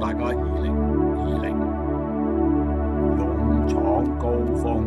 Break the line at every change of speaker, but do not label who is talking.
大家二零二零勇闖高峰。